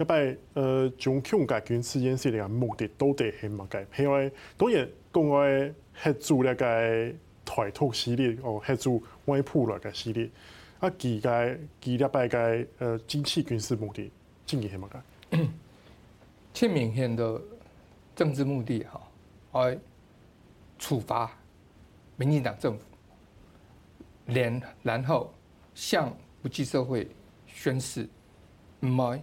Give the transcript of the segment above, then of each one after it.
一擺，呃，中共個軍事演習的目的到底係乜嘅？因為當然國外係做個台獨勢力，哦、喔，係做外部個勢力。啊，幾個幾日擺個，呃，軍事軍事目的，真嘅係乜嘅？盡明顯的政治目的，哈、哦，哎，處罰民進黨政府，連然後向國際社會宣示，毋愛。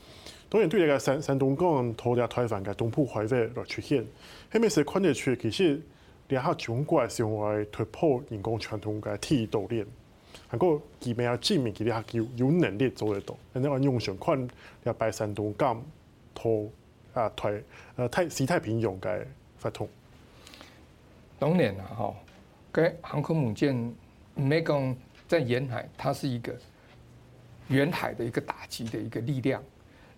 當然對一個山三東艦拖只台灣嘅東部海域來出現，是咩時區咧？其實兩下中國係想來突破人江傳統嘅鐵道鏈，係個地面嘅證明，佢哋係叫有能力做得到。你話用上軍來派山東艦拖啊台啊太西太平洋的發動，當然啊，嚇，嘅航空母艦唔係講在沿海，它是一個遠海的一個打擊嘅一個力量。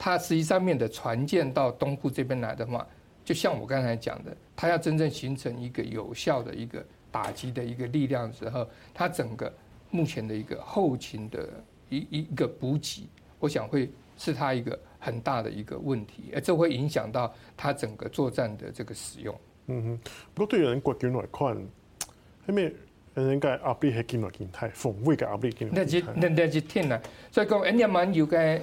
它實際上面的船艦到東部這邊來的話，就像我剛才講的，它要真正形成一個有效的一個打擊的一個力量之後，它整個目前的一個後勤的一一個補給，我想會是它一個很大的一個問題，而這會影響到它整個作戰的這個使用。嗯哼，不過對國人國軍來看，下面應該阿碧系軍人形態，防衛嘅阿碧軍人形態，人哋就聽啦，所以講印尼文要嘅。